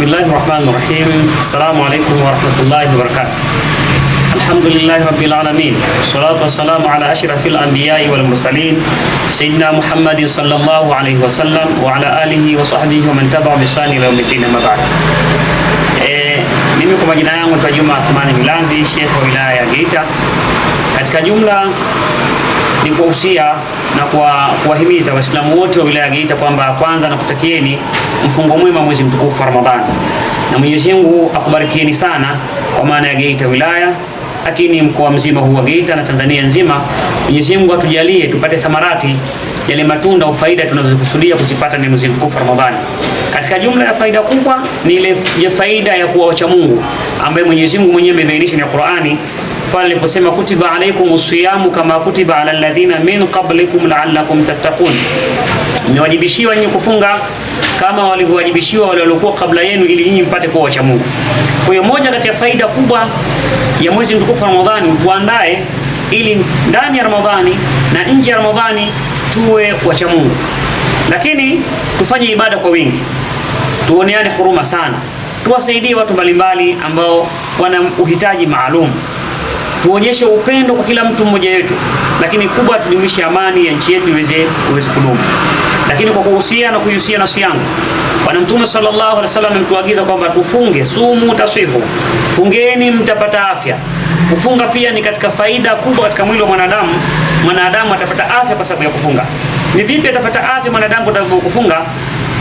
Bismillahi rahmani rahim. Assalamu alaikum warahmatullahi wabarakatuh. Alhamdulillahi rabbil alamin. Wassalatu wassalamu ala ashrafil anbiyai wal mursalin sayyidina Muhammadin sallallahu alayhi wasallam wa ala alihi wa sahbihi wa man tabi'a bi ihsani ila yawmiddin amma ba'd. Eh, mimi kwa majina yangu naitwa Juma Athmani Milanzi, Sheikh wa wilaya ya Geita. Katika jumla ni kuhusia na kuwahimiza Waislamu wote wa wilaya ya Geita kwamba kwanza nakutakieni mfungo mwema mwezi mtukufu wa Ramadhani, na Mwenyezi Mungu akubarikieni sana kwa maana ya Geita wilaya lakini mkoa mzima huu wa Geita na Tanzania nzima. Mwenyezi Mungu atujalie tupate thamarati yale matunda au faida tunazokusudia kuzipata ni mwezi mtukufu Ramadhani. Katika jumla ya faida kubwa ni ile faida ya kuwa wacha Mungu ambaye Mwenyezi Mungu mwenyewe amebainisha ni Qur'ani pale aliposema kutiba alaikum siyamu kama kutiba ala alladhina min qablikum la'allakum tattaqun, mmewajibishiwa nyinyi kufunga kama walivyowajibishiwa wale waliokuwa kabla yenu ili nyinyi mpate kuwa wacha Mungu. Kwa hiyo moja kati ya faida kubwa ya mwezi mtukufu Ramadhani utuandae ili ndani ya Ramadhani na nje ya Ramadhani tuwe wacha Mungu, lakini tufanye ibada kwa wingi, tuoneane huruma sana, tuwasaidie watu mbalimbali ambao wana uhitaji maalum tuonyeshe upendo kwa kila mtu mmoja wetu, lakini kubwa tudumishe amani ya nchi yetu iweze iweze kudumu. Lakini kwa kuhusia na kuihusia nafsi yangu, Bwana Mtume sallallahu alaihi wasallam ametuagiza kwamba tufunge sumu taswihu, fungeni mtapata afya. Kufunga pia ni katika faida kubwa katika mwili wa mwanadamu. Mwanadamu atapata afya kwa sababu ya kufunga. Ni vipi atapata afya mwanadamu kwa sababu kufunga?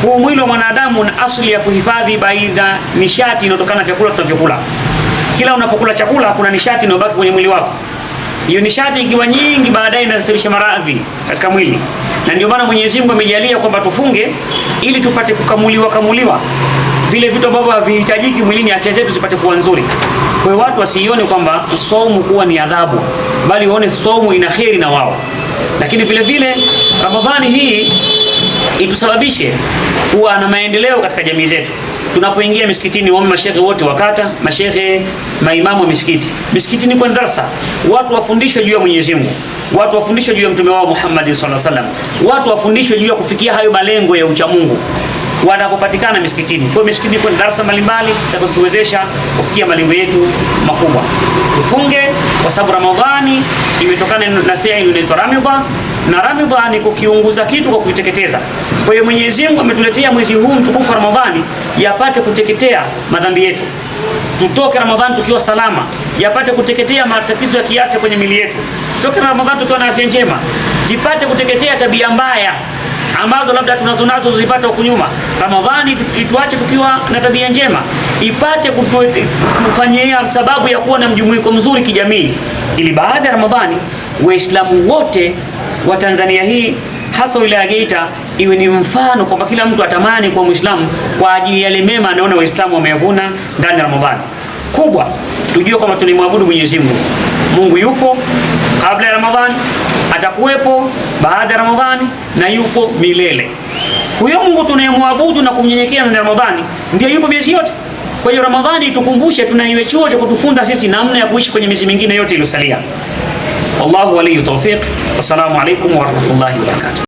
Huu mwili wa mwanadamu una asili ya kuhifadhi baidha nishati inayotokana na vyakula tunavyokula kila unapokula chakula kuna nishati inayobaki kwenye mwili wako. Hiyo nishati ikiwa nyingi, baadaye inasababisha maradhi katika mwili, na ndio maana Mwenyezi Mungu amejalia kwamba tufunge ili tupate kukamuliwa kamuliwa vile vitu ambavyo havihitajiki mwilini, afya zetu zipate kuwa nzuri. Kwa hiyo watu wasione kwamba saumu kuwa ni adhabu, bali waone saumu ina kheri na wao. Lakini vile vile Ramadhani hii itusababishe kuwa na maendeleo katika jamii zetu. Tunapoingia misikitini, waombe mashehe wote wakata, mashehe maimamu wa misikiti, misikitini kwa darasa, watu wafundishwe juu ya Mwenyezi Mungu, watu wafundishwe juu ya mtume wao Muhammad sallallahu alaihi wasallam, watu wafundishwe juu ya kufikia hayo malengo ya ucha Mungu wanapopatikana misikitini. Kwa hiyo misikitini kuna darasa mbalimbali zitakazotuwezesha kufikia malengo yetu makubwa. Tufunge kwa sababu Ramadhani imetokana na fi'il inaitwa ramidha na Ramadhani kukiunguza kitu kwa kuiteketeza. Kwa hiyo Mwenyezi Mungu ametuletea mwezi huu mtukufu Ramadhani yapate kuteketea madhambi yetu, tutoke Ramadhani tukiwa salama, yapate kuteketea matatizo ya kiafya kwenye mili yetu, tutoke Ramadhani tukiwa na afya njema, zipate kuteketea tabia mbaya ambazo labda tunazonazo zipate huku nyuma. Ramadhani ituache tukiwa na tabia njema, ipate kutufanyia sababu ya kuwa na mjumuiko mzuri kijamii, ili baada ya Ramadhani Waislamu wote wa Tanzania hii hasa wilaya Geita iwe ni mfano kwamba kila mtu atamani kuwa Muislamu kwa ajili yale mema anaona Waislamu wameyavuna ndani ya Ramadhani. Kubwa tujue kwamba tunimwabudu Mwenyezi Mungu. Mungu yupo kabla ya Ramadhani, atakuwepo baada ya Ramadhani na yupo milele. Huyo Mungu tunayemwabudu na kumnyenyekea ndani ya Ramadhani ndiye yupo miezi yote. Kwa hiyo Ramadhani itukumbushe, tunaiwe chuo cha kutufunza sisi namna ya kuishi kwenye miezi mingine yote iliyosalia. والله ولي توفيق والسلام عليكم ورحمة الله وبركاته